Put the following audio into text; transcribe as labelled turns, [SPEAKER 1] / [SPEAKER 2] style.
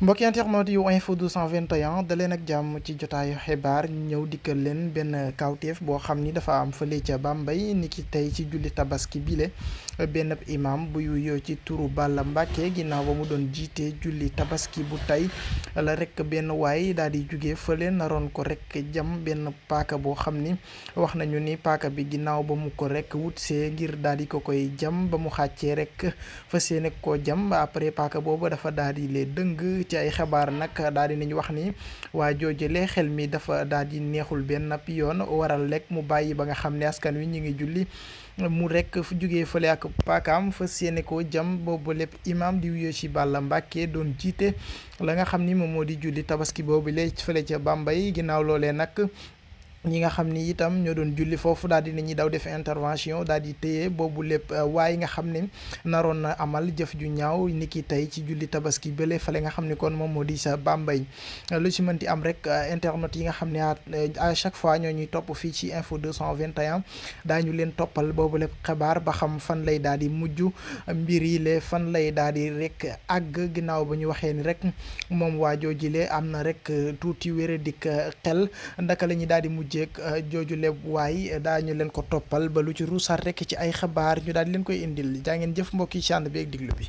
[SPEAKER 1] mbokki internet yu info 221 daleen ak jàmm ci jotaayu xibaar ñëw dikkal leen benn kawteef boo xam ni dafa am fële ca Bambey ni ki tey ci julli tabaski bile benn imam bu yuyoo ci turu Balla Mbàkke ginnaaw ba mu doon jiite julli tabaski bu tey la rek benn waay daal di jóge fële naroon ko rek jam benn paaka boo xam ni wax nañu ni paaka bi ginnaaw ba mu ko rek wutsee ngir daal di ko koy jam ba mu xàccee rek fas yéene ko jam après paaka boobu dafa daal di lee dëng ca ay xabaar nag daal di wax ni waa joojale xel mi dafa daal di neexul benn yoon waral lekk mu bàyyi ba nga xam ne askan wi ñu ngi julli mu rekk jugee fële ak paakaam fas yéene ko jam boobu lépp imam di wuyoo ci Balla Mbàkke doon jiite la nga xam ni moom moo di julli tabaski boobu léegi fële ca Bambey ginnaaw loolee nag. ñi nga xam ni itam ñoo doon julli foofu daal di daw def intervention daal di téye boobu lépp euh, waaye nga xam ne naroon na amal jëf ju ñaaw ni ki tey ci julli tabaski bële fale nga xam ni kon moom moo di sa Bambey lu ci mënti am rek euh, internet yi nga xam ne euh, à chaque fois ñoo ñuy topp fii ci info 221 daañu leen toppal boobu lépp xabaar ba xam fan lay daal di mujj mbir yi fan lay daal di rek àgg ginnaaw ba ñu waxee ni rek moom waajoo jile am na rek tuuti wér dik xel ndaka la daal di mujj jéeg eh, jooju leb waay eh, daañu leen ko toppal ba lu ci ruusaat rekk ci ay xabaar ñu daal leen koy indil jaa ngeen jëf mbokk yi ci ànd bi ak diglu bi